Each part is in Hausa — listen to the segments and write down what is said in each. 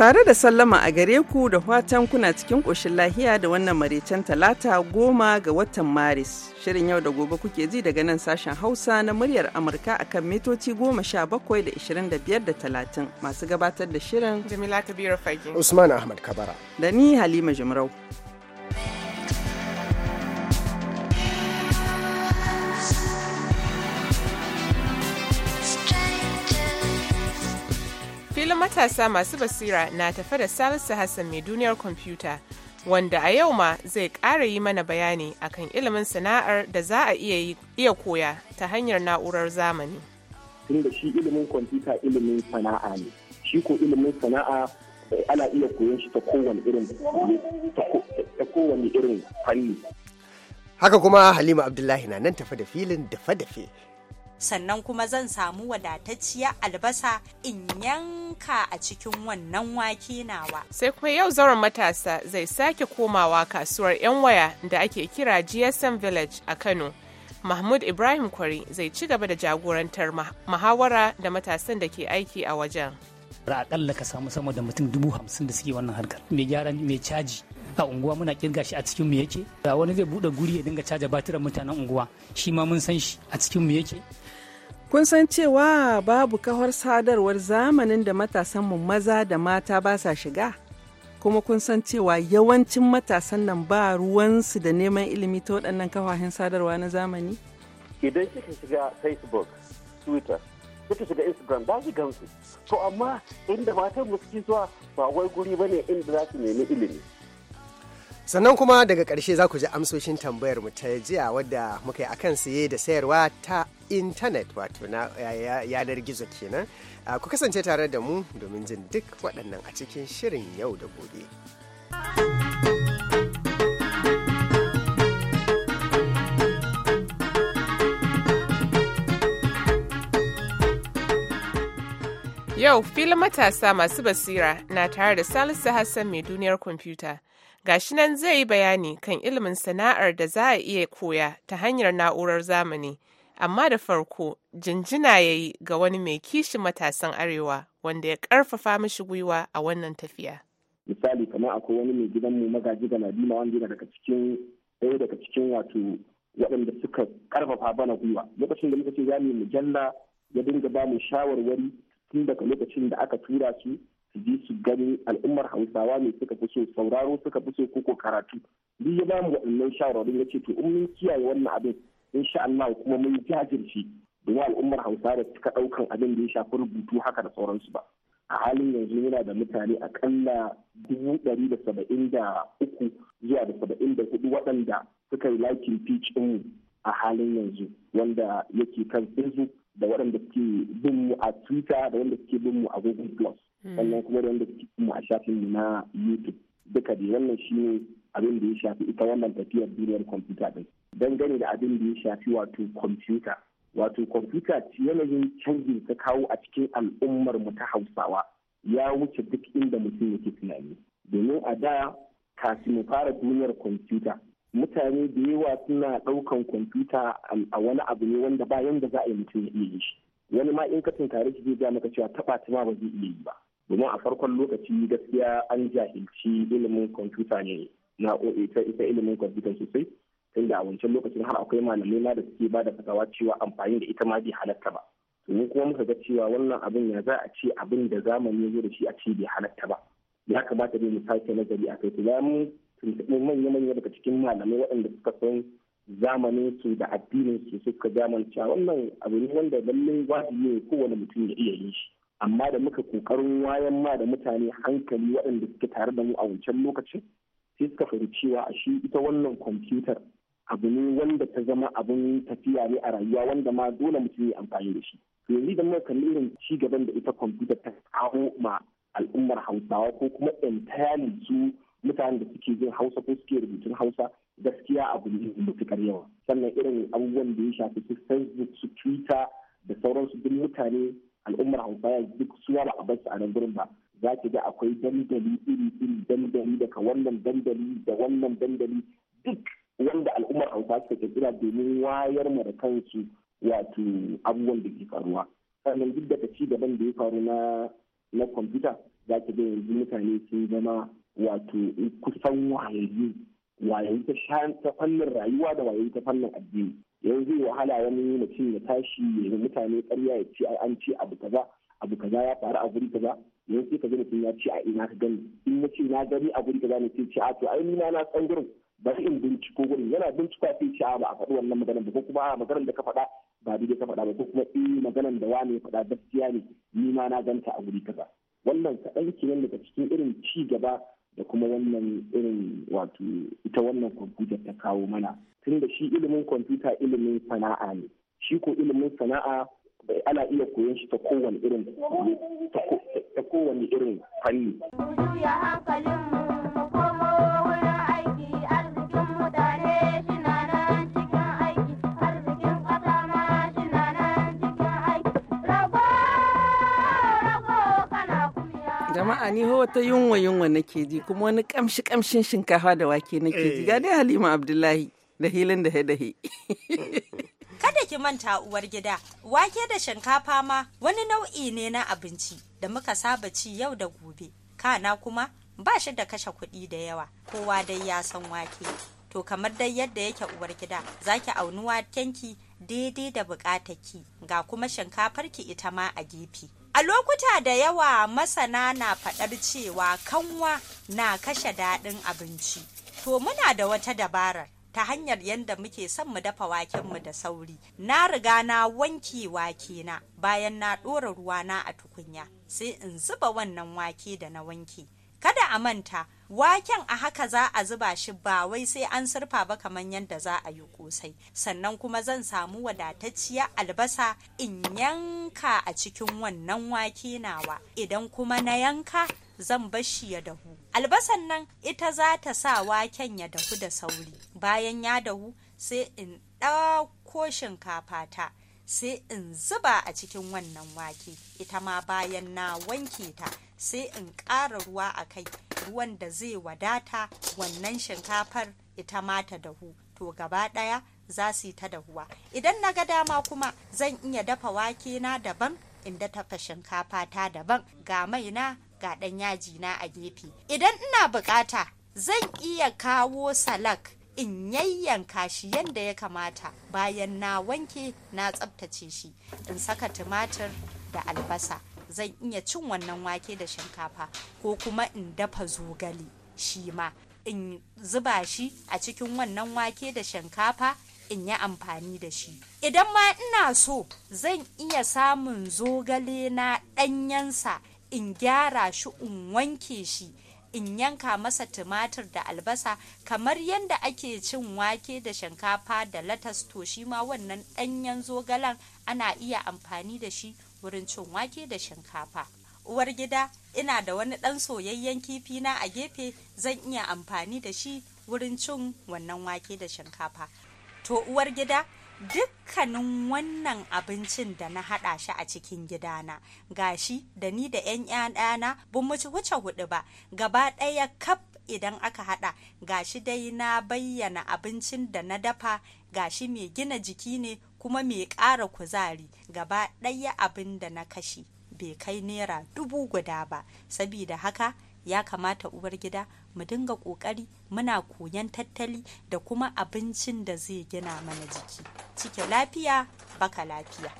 Tare da sallama a gare ku da fatan kuna cikin ƙoshin lahiya da wannan maraicen talata goma ga watan Maris. Shirin yau da gobe kuke ji daga nan sashen Hausa na muryar Amurka akan mitoci goma sha bakwai da ishirin da biyar da talatin masu gabatar da shirin. Jamila Kabiru Usman Ahmad Kabara. Da ni Halima jimrau Filin matasa masu basira na tafe da Salisu Hassan mai duniyar kwamfuta, wanda a yau ma zai ƙara yi mana bayani akan ilimin sana'ar da za a iya, iya koya ta hanyar na'urar zamani. Tunda shi ilimin kwamfuta ilimin sana'a ne, shi ko ilimin sana'a eh, ana iya koyon shi ta kowane irin ta kowane irin fanni. Haka kuma Halima Abdullahi na nan tafe da filin dafe-dafe. sannan kuma zan samu wadatacciyar albasa in yanka a cikin wannan wake nawa. Sai kuma yau zauren matasa zai sake komawa kasuwar 'yan waya da ake kira GSM Village a Kano. Mahmud Ibrahim Kwari zai ci gaba da jagorantar muhawara da matasan da ke aiki a wajen. A akalla ka samu sama da mutum dubu hamsin da suke wannan harkar mai gyaran mai caji a unguwa muna kirga shi a cikin mu yake da wani zai buɗe guri ya dinga caja batiran mutanen unguwa shi ma mun san shi a cikin mu yake Kun san cewa babu kawar sadarwar zamanin da matasanmu maza da mata ba sa shiga? Kuma kun san cewa yawancin matasan nan ba ruwansu da neman ilimi ta waɗannan kafafen sadarwa na zamani? Idan kika shiga Facebook, Twitter, kika shiga Instagram, ba shi gamsu To amma inda matan mu suke zuwa ba wai guri bane inda za su nemi ilimi. sannan kuma daga ƙarshe za ku ji amsoshin tambayar mu ta jiya wadda muka yi akan saye da sayarwa ta intanet wato na yanar gizo kenan ku kasance tare da mu domin jin duk waɗannan a cikin shirin yau da gobe. Yau filin matasa masu basira na tare da Salisu Hassan mai duniyar kwamfuta. gashi nan zai yi bayani kan ilimin sana'ar da za a iya koya ta hanyar na'urar zamani amma da farko jinjina ya yi ga wani mai kishi matasan arewa wanda ya karfafa mashi gwiwa a wannan tafiya misali kamar akwai wani mai gidanmu magaji da nadima wanda yana daga cikin ɗaya daga cikin wato waɗanda suka karfafa bana gwiwa lokacin da muka ce za mu mujalla ya dinga ba mu shawarwari tun daga lokacin da aka tura su su ji su gani al'ummar hausawa ne suka fi so sauraro suka fi so koko karatu duk ya bamu waɗannan shawarwarin ya ce to in mun kiyaye wannan abin insha Allah kuma mun jajirce domin al'ummar hausawa da suka ɗaukan abin da ya shafi rubutu haka da sauransu ba a halin yanzu muna da mutane akalla dubu ɗari da saba'in da uku zuwa da saba'in da hudu waɗanda suka yi lakin pitch mu a halin yanzu wanda yake kan facebook da waɗanda suke bin mu a twitter da wanda suke bin mu a google plus Mm. sannan kuma da a shafin na youtube duka da wannan shine abin da ya shafi ita wannan tafiyar duniyar kwamfuta din dangane da abin da ya shafi wato kwamfuta wato kwamfuta yanayin canjin ta kawo a cikin al'ummar mu ta hausawa ya wuce duk inda mutum yake tunani domin a da kafin mu fara duniyar kwamfuta mutane da yawa suna ɗaukan kwamfuta a wani abu ne wanda ba yanda za a yi mutum ya iya yi shi wani ma in ka tunkare shi zai ga maka cewa taɓa ta ma ba zai iya yi ba domin a farkon lokaci gaskiya an jahilci ilimin kwamfuta ne na ita ita ilimin kwamfuta sosai da a wancan lokacin har akwai malamai ma da suke bada fasawa cewa amfani da ita ma bai halatta ba domin kuma muka ga cewa wannan abin ya za a ce abin da zamani ya da shi a ce bai halatta ba ya kamata ne mu sake nazari a kai to mu tuntuɓi manya-manya daga cikin malamai waɗanda suka san zamanin su da addinin su suka zamanta wannan abu ne wanda lallai wajibi ne kowane mutum ya iya yin shi amma da muka kokarin wayan ma da mutane hankali waɗanda suke tare da mu a wancan lokacin sai suka fahimci cewa a shi ita wannan kwamfutar abu ne wanda ta zama abun tafiya ne a rayuwa wanda ma dole mutum ya amfani da shi yanzu da muka kalli irin ci gaban da ita kwamfutar ta kawo ma al'ummar hausawa ko kuma entirely su mutanen da suke jin hausa ko suke rubutun hausa gaskiya abu ne matuƙar yawa sannan irin abubuwan da ya shafi su facebook su twitter da sauransu duk mutane al'ummar hausawa duk suwa ba a bar a nan gurin ba za ki ga akwai dandali iri iri dandali daga wannan dandali da wannan dandali duk wanda al'ummar hausawa suka kira domin wayar mu da kansu wato abubuwan da ke faruwa sannan duk daga ci gaban da ya faru na na kwamfuta za ki ga yanzu mutane sun zama wato kusan wayayyu wayayi ta fannin rayuwa da wayayi ta fannin addini yanzu wahala wani mutum ya tashi ya mutane karya ya ce an ce abu kaza abu kaza ya faru a guri kaza yanzu sai ka ga mutum ya ce a ina ka gani in na na gani a guri kaza ne sai ce a to ai ni na san gurin ba in binciko gurin yana bincika sai ce a ba a faɗi wannan maganar ba ko kuma a maganar da ka faɗa ba daidai ka faɗa ba ko kuma in eh maganar da wani ya faɗa gaskiya ne ni ma na ganta a guri kaza wannan kaɗan kenan daga cikin irin ci gaba da kuma wannan irin wato ita wannan kwamfutar ta kawo mana tunda shi ilimin kwamfuta ilimin sana'a ne shi ko ilimin sana'a ana iya koyon shi ta kowane irin ta kowane irin fanni jama'a ni ho ta yunwa yunwa nake ji kuma wani kamshi kamshin shinkafa da wake nake ji eh. ga dai halima abdullahi da hilin da he Kada ki manta uwar gida, wake da shinkafa ma wani nau'i ne na abinci da muka saba ci yau da gobe. Kana kuma ba shi da kashe kuɗi da yawa, kowa dai ya san wake. To kamar dai yadda yake uwar gida, za ki auni wakenki daidai da ki ga kuma shinkafarki ita ma a gefe. A lokuta da yawa masana na faɗar cewa kanwa na kashe daɗin abinci. To muna da wata dabarar. ta hanyar yadda muke son mu dafa waken mu da sauri. Na riga na wanke wake na bayan na ɗora na a tukunya sai in zuba wannan wake da na wanke. Kada a manta waken a haka za a zuba shi ba wai sai an surfa ba kamar yadda za a yi kosai sannan kuma zan samu wadatacciya albasa in yanka a cikin wannan wake nawa idan kuma na yanka zan bar shi ya dahu albasan nan ita za ta sa waken ya dahu da sauri bayan ya dahu sai in ɗauko shinkafa ta sai in zuba a cikin wannan wake ita ma bayan na wanke ta sai in ƙara ruwa a kai ruwan da zai wadata wannan shinkafar ita ma ta dahu to gaba ɗaya za su yi ta dahuwa idan na ga dama kuma zan iya dafa wake na daban inda tafa shinkafa ta daban ga mai na ga ɗan yaji na a gefe idan ina bukata zan iya kawo salak in yayyanka shi yadda ya kamata bayan na wanke na tsabtace shi in saka tumatir da albasa zan iya cin wannan wake da shinkafa ko kuma in dafa zogale shi ma in zuba shi a cikin wannan wake da shinkafa in yi amfani da shi idan ma ina so zan iya samun zogale na ɗanyensa in gyara shi in wanke shi in yanka masa tumatir da albasa kamar yadda ake cin wake da shinkafa da latas to shi ma wannan ɗanyen zogalen ana iya amfani da shi wurin cin wake da shinkafa uwar gida ina da wani dan soyayyen kifi na a gefe zan iya amfani da shi wurin cin wannan wake da shinkafa to uwar gida dukkanin wannan abincin da na haɗa shi a cikin gidana gashi da ni da 'yan 'yana ba mu wuce hudu ba gaba ɗaya kaf idan aka haɗa gashi dai na bayyana abincin da na dafa gashi mai gina jiki ne kuma mai ƙara kuzari gaba ɗaya abin da na kashe bai kai naira dubu guda ba sabida haka ya kamata uwar gida mu dinga ƙoƙari muna koyan tattali da kuma abincin da zai gina mana jiki cike lafiya baka lafiya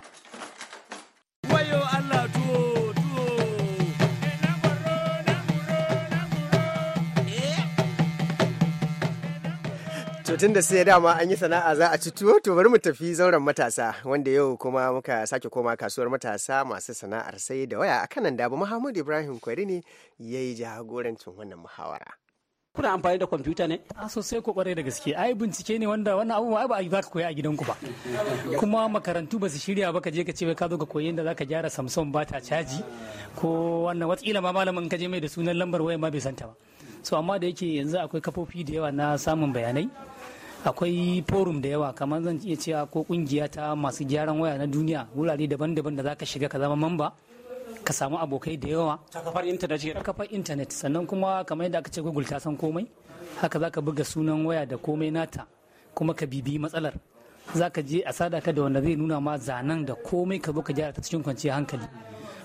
To tun da sai dama an yi sana'a za a ci tuwo to bari mu tafi zauren matasa wanda yau kuma muka sake koma kasuwar matasa masu sana'ar sai da waya a kanan dabu Muhammad Ibrahim Kwari ne ya yi jagorancin wannan muhawara. kuna amfani da kwamfuta ne? A sosai ko kwarai da gaske. Ai bincike ne wanda wannan abubuwa ba a ka koya a gidanku ba. Kuma makarantu ba su shirya ba ka je ka ce ka zo ka koyi yadda za ka gyara Samsung ba ta caji ko wannan watakila ma malamin ka je mai da sunan lambar waya ma bai santa ba. So amma da yake yanzu akwai kafofi da yawa na samun bayanai. akwai forum da yawa kamar zan iya cewa ko kungiya ta masu gyaran waya na duniya wurare daban-daban da zaka shiga ka zama mamba ka samu abokai da yawa ta kafar intanet kafar intanet sannan kuma kamar yadda aka ce google ta san komai haka zaka buga sunan waya da komai nata kuma ka bibi matsalar zaka je a sada ka da wanda zai nuna ma zanen da komai ka zo ka gyara ta cikin kwanciyar hankali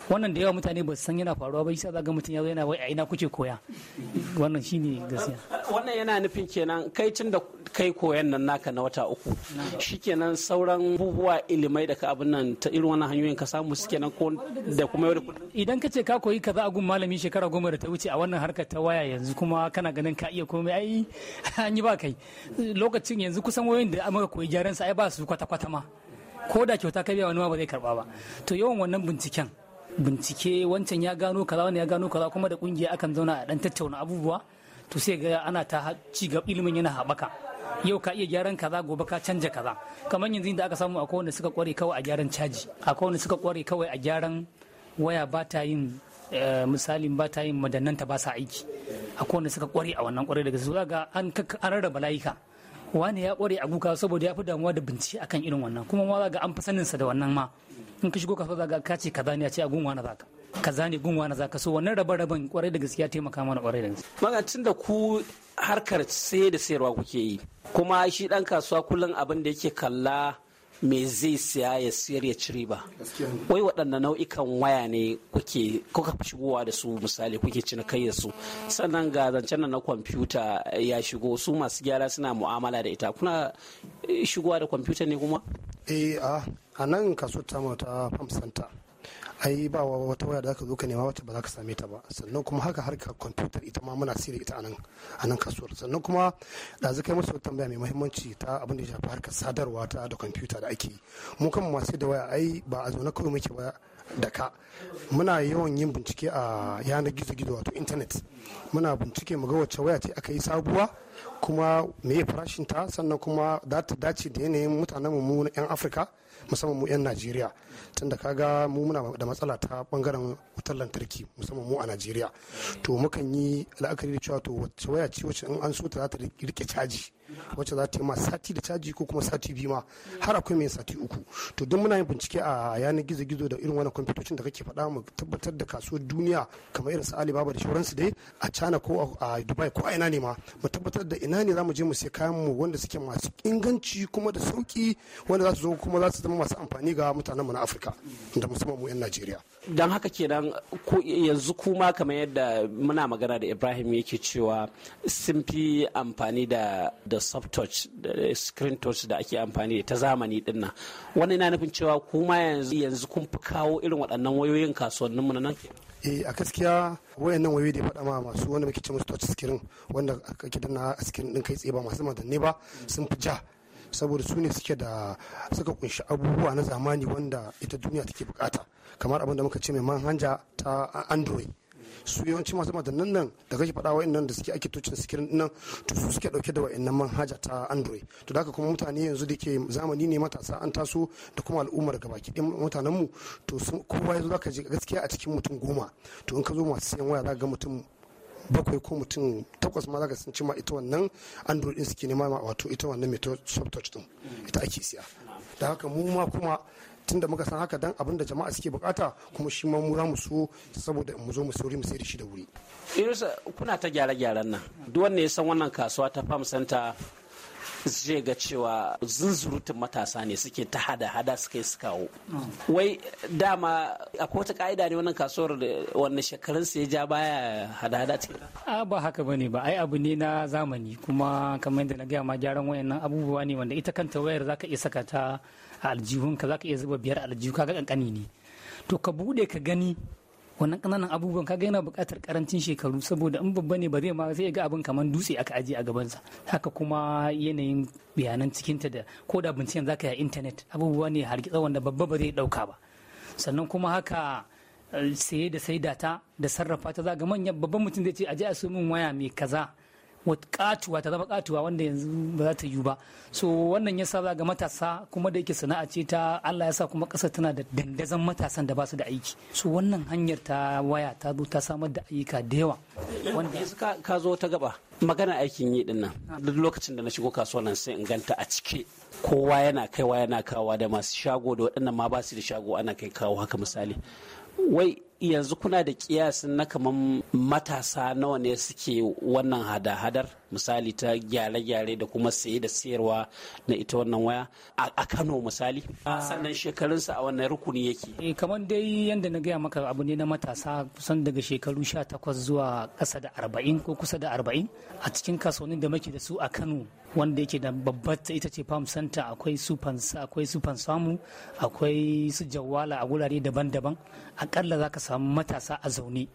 wannan da yawa mutane ba su san yana faruwa ba yasa zaga mutum ya zo yana wai a ina kuke koya wannan shine gaskiya wannan yana nufin kenan kai tun da kai koyan nan naka na wata uku shikenan sauran abubuwa ilimai da ka abin nan ta irin wannan hanyoyin ka samu su kenan ko da kuma yau idan ka ce ka koyi kaza a gun malami shekara goma da ta wuce a wannan harkar ta waya yanzu kuma kana ganin ka iya komai ai an yi ba kai lokacin yanzu kusan wayoyin da aka koyi gyaran sa ai ba su kwata-kwata ma ko da kyauta ka biya wani ma ba zai karba ba to yawan wannan binciken bincike wancan ya gano kaza wani ya gano kaza kuma da kungiya akan zauna a dan tattauna abubuwa to sai ga ana ta ci gaba ilimin yana haɓaka yau ka iya gyaran kaza gobe ka canja kaza kamar yanzu da aka samu akwai wanda suka kware kawai a gyaran caji akwai wanda suka kware kawai a gyaran waya ba ta yin eh, misalin ba ta yin madannanta ba sa aiki akwai wanda suka kware a wannan kware daga su ga an rarraba layuka wani ya kware a guka saboda ya fi damuwa da bincike akan irin wannan kuma ma za ga an fi saninsa da wannan ma in ka shigo ka fa ka ce kaza ne a ce a gunwa na zaka kaza ne gunwa na zaka so wannan raba raban kwarai da gaskiya taimaka mana kwarai da gaskiya magacin da ku harkar sai da sayarwa kuke yi kuma shi dan kasuwa kullum abin da yake kalla me zai siya ya siyar ya cire ba wai waɗannan nau'ikan waya ne kuke kuka shigowa da su misali kuke cinikai da su sannan ga zancen na kwamfuta ya shigo su masu gyara suna mu'amala da ita kuna shigowa da kwamfuta ne kuma eh a ah, a nan kaso ta mota farm center ai ba wata waya da aka zo ka nema wata ba za ka same ta ba sannan kuma haka ka kwamfutar ita ma muna sirri ita a nan kasuwar sannan kuma da zaka kai musu tambaya mai muhimmanci ta abin da ya shafi harkar sadarwa ta da kwamfuta da ake mu kan masu da waya ai ba a na kawai muke ba da ka muna yawan yin bincike a yanar gizo-gizo wato intanet muna bincike mu ga wacce waya ce aka yi sabuwa kuma meye farashin ta sannan kuma za ta dace da yanayin mutanen mu na 'yan afirka musamman mu 'yan najeriya tunda kaga mu muna da matsala ta bangaren wutar lantarki musamman mu a najeriya to mukan yi la'akari da cewa to wacce waya ce wacce in an so ta za ta rike caji wacce za ta yi ma sati da caji ko kuma sati biyu ma har akwai mai sati uku to don muna yin bincike a yanar gizo-gizo da irin wannan kwamfutocin da kake faɗa mu tabbatar da kasuwar duniya kamar irin su alibaba da shauransu dai a china ko a dubai ko a ina ne ma mu tabbatar da ina ne za mu je mu sai kayan mu wanda suke masu inganci kuma da sauki wanda za su zo kuma za su zama masu amfani ga mutanen mu na afirka da musamman mu 'yan najeriya don haka kenan yanzu kuma kamar yadda muna magana da ibrahim yake cewa sun fi amfani da da soft touch da screen touch da ake amfani da ta zamani dinnan wannan yana nufin cewa kuma yanzu kun fi kawo irin waɗannan wayoyin kasuwanninmu na nan eh, a gaskiya wayannan wayoyi da faɗa ma masu wanda muke ce musu touch screen wanda ake danna a screen din kai tsaye ba masu madanne ba sun fi ja saboda su ne suke da suka kunshi abubuwa na zamani wanda ita duniya take bukata kamar abin da muka ce mai manhaja ta android su yawanci masu madannan nan da kake faɗa nan da suke ake tucin sikirin nan to su suke ɗauke da nan manhaja ta android to da kuma mutane yanzu da ke zamani ne matasa an taso da kuma al'ummar gaba ki ɗin mutanenmu to kowa yanzu za ka je gaskiya a cikin mutum goma to in ka zo masu siyan waya za ga mutum bakwai ko mutum takwas ma zaka sun cima ita wannan android din suke nema wato ita wannan mai soft touch din ita ake siya da haka mu ma kuma tunda muka san haka dan abin da jama'a suke bukata kuma shi ma mura mu so saboda mu zo mu sauri mu sai da shi da wuri. irisa kuna ta gyare gyaran nan duk wanda ya san wannan kasuwa ta Farm Center zai ga cewa zunzurutun matasa ne suke ta hada hada suka yi su kawo wai dama akwai wata ka'ida ne wannan kasuwar wannan shekarun su ya ja baya hada hada ce a ba haka bane ba ai abu ne na zamani kuma kamar yadda na gaya ma gyaran wayannan abubuwa ne wanda ita kanta wayar zaka iya saka ta a aljihunka zaka iya zuba biyar aljihu kaga kankani ne to ka bude ka gani wannan ƙananan abubuwan kaga yana buƙatar karancin shekaru saboda in babba ne ba zai ma zai ga abin kamar dutse aka aje a gabansa haka kuma yanayin bayanan cikinta da ko da binciken zaka yi intanet abubuwa ne hargitsa wanda babba ba zai ɗauka ba sannan kuma haka eh, saye da sai ta da sarrafa ta zaga manyan babban mutum zai ce aje a so min waya mai kaza katuwa ta zama katuwa wanda yanzu ba za ta yiwu ba so wannan yasa za ga matasa kuma da yake sana'a ce ta Allah yasa kuma ƙasar tana da dandazan matasan da ba su da aiki so wannan hanyar ta waya ta zo ta samar da ayyuka da yawa wanda ka zo ta gaba magana aikin yi dinnan duk lokacin da na shigo kasuwa nan sai in ganta a cike kowa yana kaiwa yana kawa da masu shago da waɗannan ma ba su da shago ana kai kawo haka misali wai yanzu kuna da kiyasin na kaman matasa nawa ne suke wannan hada-hadar misali ta gyare-gyare da kuma saye da sayarwa na ita wannan waya a kano misali sannan shekarunsa a wannan rukuni yake eh kamar dai yadda na gaya maka abu ne na matasa kusan daga shekaru 18 zuwa kasa da 40 ko kusa da 40 a cikin kasuwannin da muke da su a kano wanda yake da babbar ita ce farm center akwai sufan akwai sufan samu akwai su jawala a gurare daban-daban akalla za ka samu matasa a zaune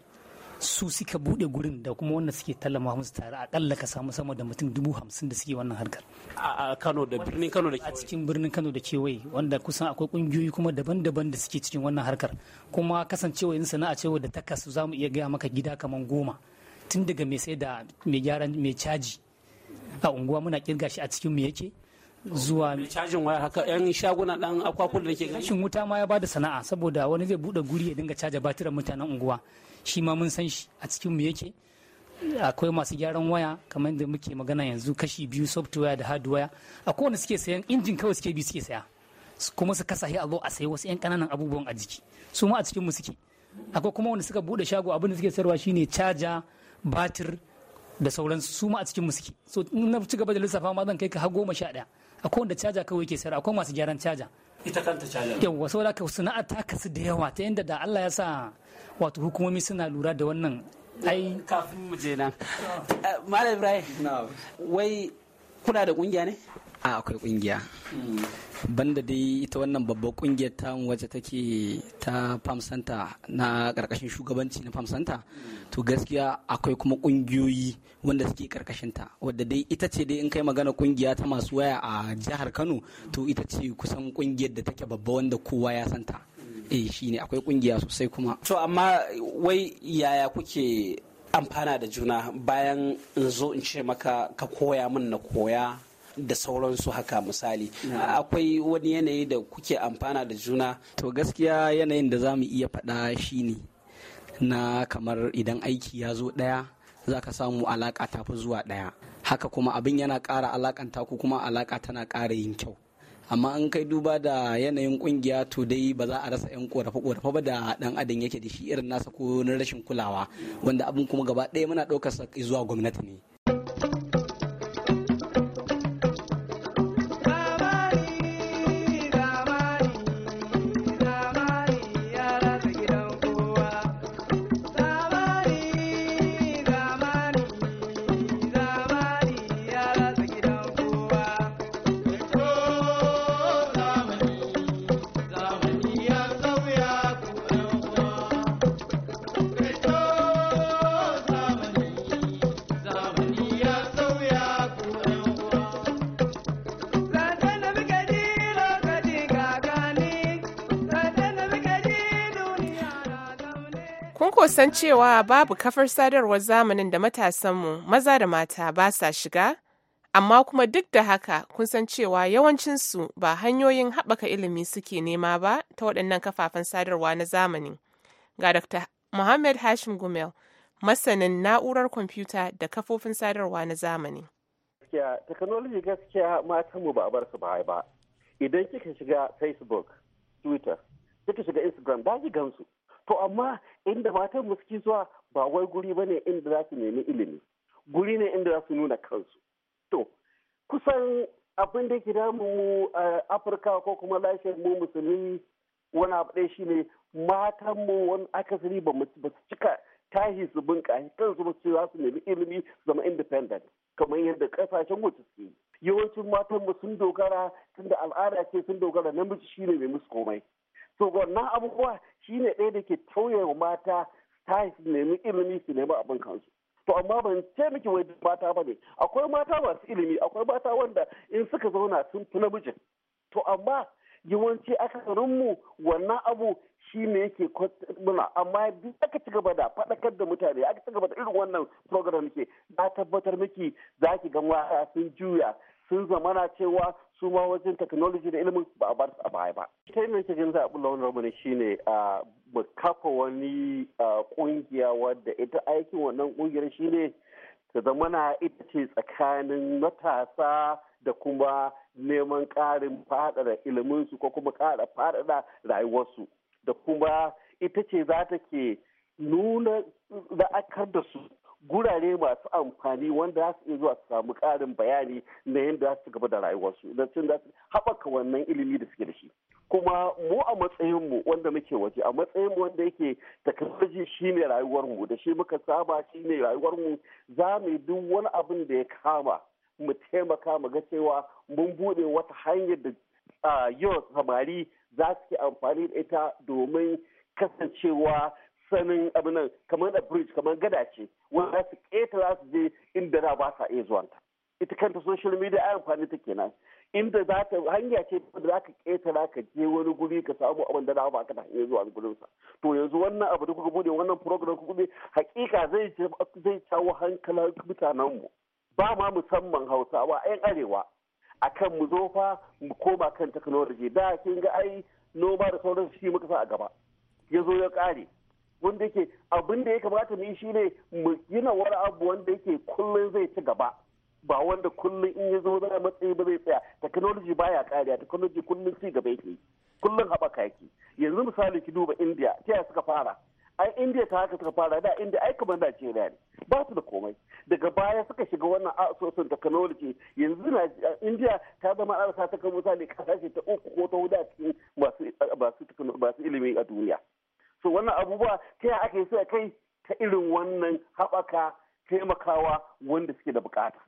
su suka bude gurin da kuma wanda suke tallama musu tare akalla ka samu sama da mutum dubu hamsin da suke wannan harkar a kano da birnin kano da a cikin birnin kano da kewaye wanda kusan akwai kungiyoyi kuma daban-daban da suke cikin wannan harkar kuma kasancewa yin sana'a cewa da takasu za mu iya gaya maka gida kamar goma tun daga mai sai da mai gyaran mai caji a unguwa muna kirga shi a cikin mu yake zuwa cajin waya haka yan shaguna dan akwakul da ke gani shin wuta ma ya bada sana'a saboda wani zai bude guri ya dinga caja batiran mutanen unguwa shi ma mun san shi a cikin mu yake akwai masu gyaran waya kamar da muke magana yanzu kashi biyu software da hardware akwai wanda suke sayan injin kawai suke bi suke saya kuma su kasa a zo a sayi wasu yan kananan abubuwan a jiki su ma a cikin mu suke akwai kuma wanda suka bude shago abin da suke sayarwa shine caja batir da sauransu su ma a cikin mu suke so in na ci gaba da lissafa ma zan kai ka har goma sha ɗaya akwai wanda caja kawai ke sayar akwai masu gyaran caja ita kanta caja yawa saboda ka sana'a ta kasu da yawa ta yadda da Allah ya sa wato hukumomi suna lura da wannan ai kafin mu je nan eh, malam Ibrahim wai kuna da kungiya ne a akwai kungiya banda dai ita wannan babbar kungiyar ta wacce take ta farm center na karkashin shugabanci na farm center to gaskiya akwai kuma kungiyoyi wanda suke ta wadda dai ita ce dai in kai magana kungiya ta masu waya a jihar kano to ita ce kusan kungiyar da take babba wanda kowa ya santa eh shine akwai kungiya sosai kuma to amma wai yaya kuke amfana da juna bayan in zo in ce maka ka koya min na koya da sauransu haka misali akwai wani yanayi da kuke amfana da juna to gaskiya yanayin da za mu iya faɗa shine na kamar idan aiki ya zo ɗaya za ka samu alaƙa fi zuwa ɗaya haka kuma abin yana ƙara alaƙanta ku kuma alaƙa tana ƙara yin kyau amma an kai duba da yanayin kungiya to dai ba za a rasa yan korafe korafe ba da dan adam yake da shi irin nasa ko na rashin kulawa wanda abin kuma gaba ɗaya muna ɗaukar sa zuwa gwamnati ne san cewa babu kafar sadarwar zamanin da matasanmu maza da mata ba sa shiga? Amma kuma duk da haka kun san cewa yawancinsu ba hanyoyin haɓaka ilimi suke nema ba ta waɗannan kafafen sadarwa na zamani. Ga Dr. Muhammad Hashim Gumel, masanin na'urar kwamfuta da kafofin sadarwa na zamani. Gaskiya, gaskiya ba ba Idan kika shiga Facebook, Twitter, kika shiga Instagram, da gansu. to amma inda matan mu suke zuwa ba wai guri ba ne inda za su nemi ilimi guri ne inda za su nuna kansu to kusan abin da ke damu mu a afirka ko kuma lafiyar mu musulmi wani abu ɗaya shine matan mu wani akasari ba su cika tahi su bunƙasa kansu ba su za su nemi ilimi zama independent kamar yadda kasashen waje yi yawancin matan mu sun dogara tunda al'ada ce sun dogara namiji shine mai musu komai to wannan abubuwa shine ɗaya da ke tauye wa mata ta su nemi ilimi su nemi abin kansu to amma ban ce miki wai mata ba ne akwai mata masu ilimi akwai mata wanda in suka zauna sun fi namijin to amma yawanci akasarinmu wannan abu shi ne yake muna amma duk aka ci gaba da faɗakar da mutane aka ci gaba da irin wannan program ke na tabbatar miki za ki ga mata sun juya sun zamana cewa su ma wajen technology da ilimin ba a bar a baya ba. Ta yin nake zaɓin launin mana shine a mu kafa wani ƙungiya wadda ita aikin wannan ƙungiyar shine ta zama na ita ce tsakanin matasa da kuma neman ƙarin faɗaɗa iliminsu ko kuma ƙara faɗaɗa rayuwarsu da kuma ita ce za ta ke nuna la'akar da su gurare masu amfani wanda za su iya zuwa su samu karin bayani na yadda za su gaba da rayuwarsu da sun za su haɓaka wannan ilimi da suke da shi kuma mu a matsayinmu wanda muke waje a matsayinmu wanda yake ne shine rayuwarmu da shi muka saba shine mu. za mu duk wani abin da ya kama mu taimaka mu ga cewa mun buɗe wata hanyar da yau ah, samari za su ke amfani da ita domin kasancewa sanin abin nan kamar da bridge kamar gada ce wanda su za su je inda da ba sa iya zuwanta ita kanta social media ai amfani ta kenan inda za ta hanya ce da za ka ketara ka je wani guri ka samu abin da za ba ka da hanyar zuwa gurin sa to yanzu wannan abu da kuka bude wannan program kuka bude hakika zai zai tawo hankalin mutanen mu ba ma musamman Hausawa ayan arewa akan mu zo fa mu koma kan technology da kin ga ai noma da sauran shi muka sa a gaba ya zo ya kare wanda yake abin da ya kamata mu shi ne mu gina wani abu wanda yake kullum zai ci gaba ba wanda kullum in ya zo zai matsayi ba zai tsaya technology baya kariya technology kullum ci gaba yake kullum haɓaka yake yanzu misali ki duba india ta yaya suka fara ai india ta haka suka fara da india ai kamar najeriya ne ba su da komai daga baya suka shiga wannan asusun technology yanzu na india ta zama arasa ta kan misali kasashe ta uku ko ta wuda cikin masu ilimi a duniya so wannan abubuwa ta yaya aka yi kai ta irin wannan haɓaka taimakawa wanda suke da bukata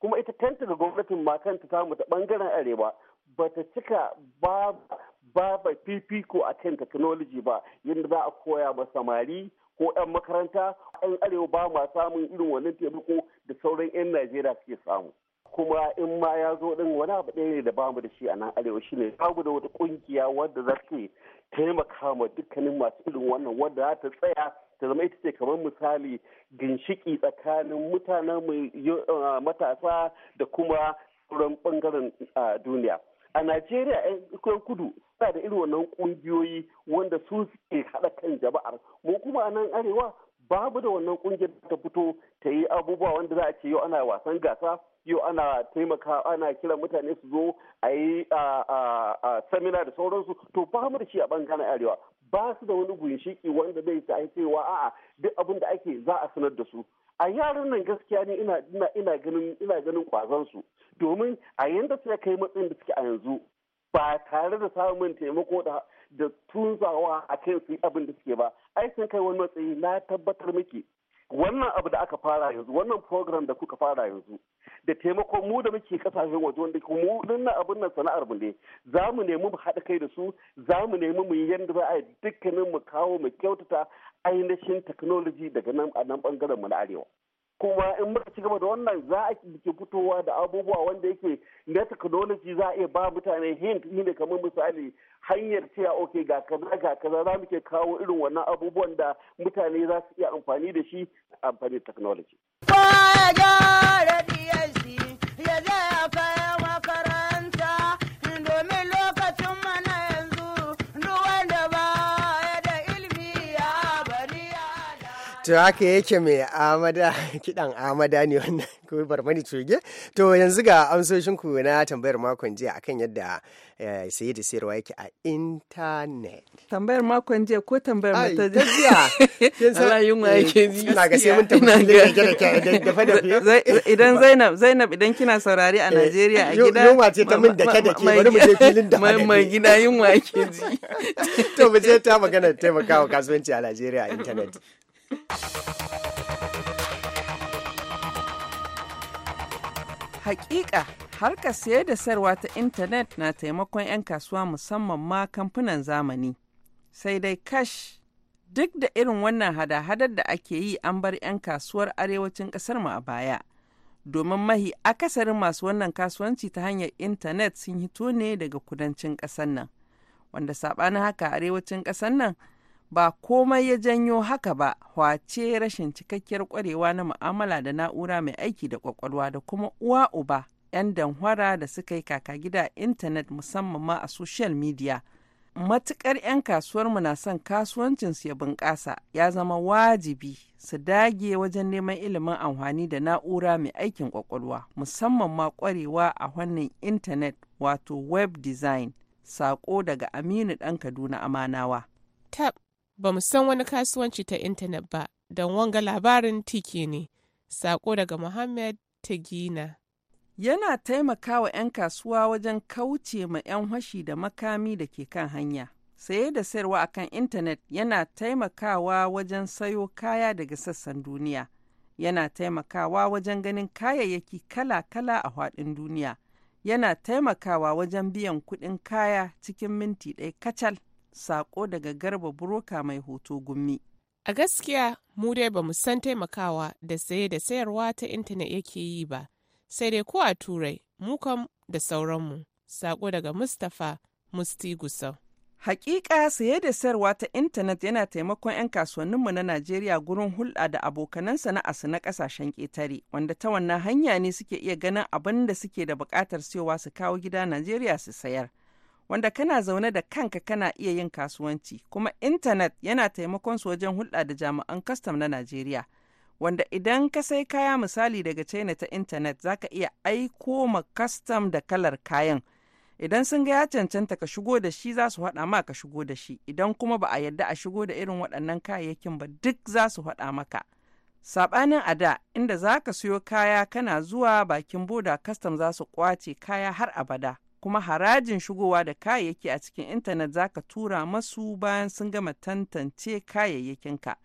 kuma ita kanta ga gwamnatin matan ta samu ta bangaren arewa ba ta cika ba fifiko a kan technology ba yadda za a koya ba samari ko 'yan makaranta 'yan arewa ba ma samun irin wannan taimako da sauran 'yan najeriya suke samu kuma in ma ya zo din wani abu ɗaya ne da bamu da shi a nan arewa shine bamu da wata kungiya wadda za ta taimaka ma dukkanin masu irin wannan wadda za ta tsaya ta zama ita ce kamar misali ginshiki tsakanin mutanen matasa da kuma sauran bangaren duniya a najeriya yan eh, kudu suna da irin wannan kungiyoyi wanda su suke haɗa kan jama'ar mu kuma a nan arewa babu da wannan kungiyar ta fito ta yi abubuwa wanda za a ce yau ana wasan gasa yau ana taimaka ana kiran mutane su zo a yi samina da sauransu to ba mu da shi a bangaren arewa ba su da wani gunshiki wanda zai ta cewa a'a duk abin da ake za a sanar da su a yaran nan gaskiya ne ina ina ganin ina ganin kwazon su domin a yanda suka kai matsayin da suke a yanzu ba tare da samun taimako da da tunzawa a kan su abin da suke ba ai sun kai wani matsayi na tabbatar miki wannan abu da aka fara yanzu wannan program da kuka fara yanzu da taimakon mu da muke kasashen waje wanda mu dinnan abin nan sana'ar mu ne za mu nemi mu haɗa kai da su za mu nemi mu yi yadda za a yi dukkanin mu kawo mu kyautata ainihin technology daga nan a nan bangaren mu na arewa kuma in muka ci gaba da wannan za a ke fitowa da abubuwa wanda yake na technology za a iya ba mutane hint ne kamar misali hanyar cewa ok ga kaza ga kaza za mu ke kawo irin wannan abubuwan da mutane za su iya amfani da shi amfani da technology. ya to haka yake mai amada kidan amada ne wannan ko barmani coge to yanzu ga amsoshin ku na tambayar makon jiya akan yadda eh, saye da sayarwa yake a intanet tambayar makon jiya ko tambayar mata jiya kin san rayuwa yake ji na ga sai mun tambaye da da idan Zainab Zainab idan kina saurari a eh, Najeriya a gida yunwa ce ta min dake-dake wani bari mu je filin da mai mai gida yunwa yake ji to mu je ta magana taimakawa kasuwanci a Najeriya a intanet Hakika harkar sayar da sayarwa ta intanet na taimakon 'yan kasuwa musamman ma kamfunan zamani. Sai dai kash duk da irin wannan hada-hadar da ake yi an bar 'yan kasuwar arewacin ƙasarmu mu a baya. Domin mahi akasarin masu wannan kasuwanci ta hanyar intanet sun hito ne daga kudancin ƙasar nan. Wanda saɓanin haka arewacin ƙasar nan ba komai ya janyo haka ba wace rashin cikakkiyar kwarewa na mu'amala da na'ura mai aiki da kwakwalwa da kuma uwa uba 'yan danhwara da suka yi kaka gida intanet musamman ma a social media matukar 'yan kasuwar mu na son kasuwancinsu ya bunƙasa ya zama wajibi su dage wajen neman ilimin amfani da na'ura mai aikin kwakwalwa musamman ma kwarewa a wannan intanet wato web design sako daga aminu ɗan kaduna amanawa tab ba mu san wani kasuwanci ta intanet ba don wanga labarin tiki ne sako daga muhammad tagina yana taimakawa 'yan kasuwa wajen kauce ma 'yan hashi da makami da ke kan hanya saye da sayarwa akan intanet yana taimakawa wajen sayo kaya daga sassan duniya yana taimakawa wajen ganin kayayyaki kala-kala a faɗin duniya yana taimakawa wajen biyan kuɗin kaya cikin minti ɗaya kacal Sako daga Garba Buroka mai hoto gummi. A gaskiya mu dai ba mu san taimakawa da saye da sayarwa ta intanet yake yi ba, sai dai ko a turai mu kam da sauranmu. Sako daga Mustapha Musti Gusau. Hakika saye da sayarwa ta intanet yana taimakon 'yan kasuwanninmu na Najeriya gurin hulɗa da abokanan sana'arsu na ƙasashen ƙetare, wanda ta wannan hanya ne suke iya ganin abin da suke da buƙatar siyowa su kawo gida Najeriya su sayar. wanda kana zaune da kanka kana iya yin kasuwanci kuma intanet yana taimakon su wajen hulɗa da jami'an kastam na najeriya wanda idan ka sai kaya misali daga china ta intanet zaka iya aiko ma kastam da kalar kayan idan sun ga ya cancanta ka shigo da shi za su haɗa ma ka shigo da shi idan kuma ba a yadda a shigo da irin waɗannan kayayyakin ba duk za su haɗa maka Saɓanin a da inda za ka siyo kaya kana zuwa bakin boda kastam za su kwace kaya har abada kuma harajin shigowa da kayayyaki a cikin intanet zaka tura masu bayan sun gama tantance kayayyakinka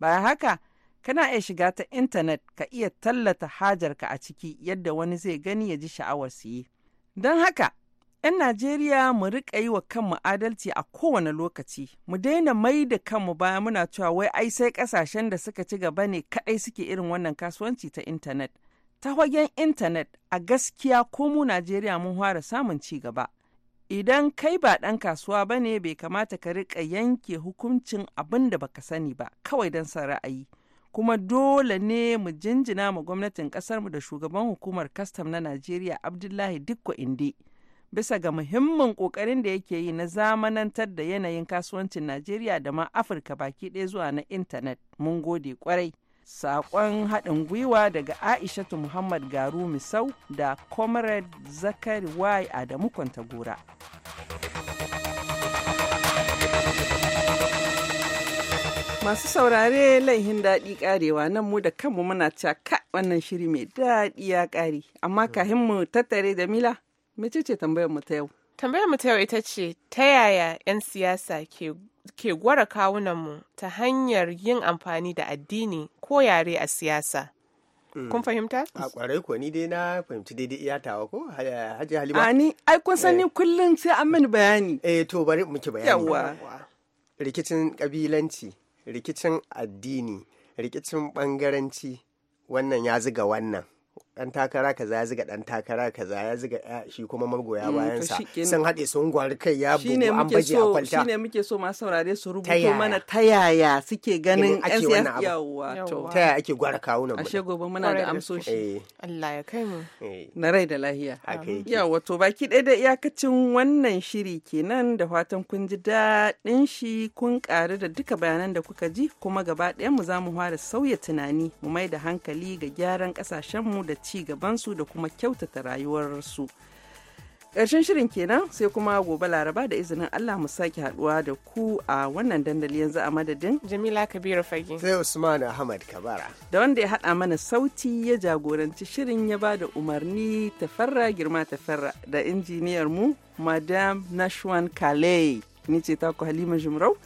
bayan haka kana iya shiga ta intanet ka iya tallata hajarka a ciki yadda wani zai gani ya ji sha'awar siye don haka 'yan najeriya mu riƙa yi wa kanmu adalci a kowane lokaci mu daina mai da kanmu baya muna cewa wai ai sai ƙasashen da suka ci gaba ne kaɗai suke irin wannan kasuwanci ta intanet ta wajen intanet a gaskiya ko mu Najeriya mun fara samun ci gaba. Idan kai ba ɗan kasuwa ba bai kamata ka riƙa yanke hukuncin abin da baka sani ba kawai don san ra'ayi. Kuma dole ne mu jinjina ma gwamnatin ƙasarmu da shugaban hukumar kastam na Najeriya Abdullahi Dikko Inde. Bisa ga muhimmin ƙoƙarin da yake yi na zamanantar da yanayin kasuwancin Najeriya da ma Afirka baki ɗaya zuwa na intanet. Mun gode kwarai. Saƙon haɗin gwiwa daga Aishatu Muhammad Garu Misau da Comrade Zakari Y Adamu Kwantagora. Masu saurare laihin daɗi ƙarewa nan mu da kanmu muna caka wannan shiri mai daɗi ya ƙare. Amma kahin mu tattare da mila, mace ce tambayar mu ta yau? Tambayar mu ta yau ita ce, ta yaya 'yan siyasa ke ke gwara kawunanmu ta hanyar yin amfani da addini ko yare a siyasa. Mm. kun fahimta? a kwarai ko ni dai na fahimci daidai iya tawa ko hajji halima a ni ai kun san ni eh. kullum sai an mini bayani eh to bari muke bayani Yawwa. rikicin kabilanci rikicin addini rikicin bangaranci wannan ya ziga wannan dan takara kaza ya ziga dan takara kaza ya ziga shi kuma magoya mm, bayansa sun haɗe sun gwari kai ya bugu an baje a kwalta shine muke so ma saurare su rubuto mana ta yaya suke ganin yan yawa to ta yaya ake gwara kawo nan ashe gobe muna da amsoshi eh. Allah ya kai mu eh. na rai da lahiya Ya wato, baki ɗaya da iyakacin wannan shiri kenan da fatan kun ji daɗin shi kun ƙaru da duka bayanan da kuka ji kuma gaba ɗayan mu za mu fara sauya tunani mu mai da hankali ga gyaran ƙasashenmu da ci gaban su da kuma kyautata rayuwarsu. Ƙarshen shirin kenan sai kuma gobe laraba da izinin Allah mu sake haɗuwa da ku a wannan dandali yanzu a madadin. Jamila Kabiru Fage. Sai Usman Ahmad Kabara. Da wanda ya haɗa mana sauti ya jagoranci shirin ya ba da umarni tafarra girma tafarra da injiniyar mu Madam Nashwan Kale. Ni ce taku Halima Jumrau.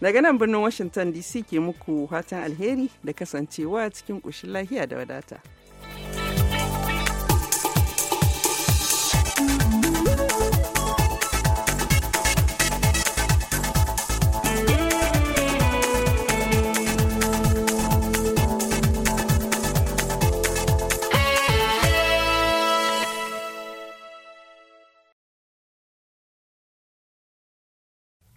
Daga nan birnin Washington DC ke muku fatan alheri da kasancewa cikin ƙoshin lahiya da wadata.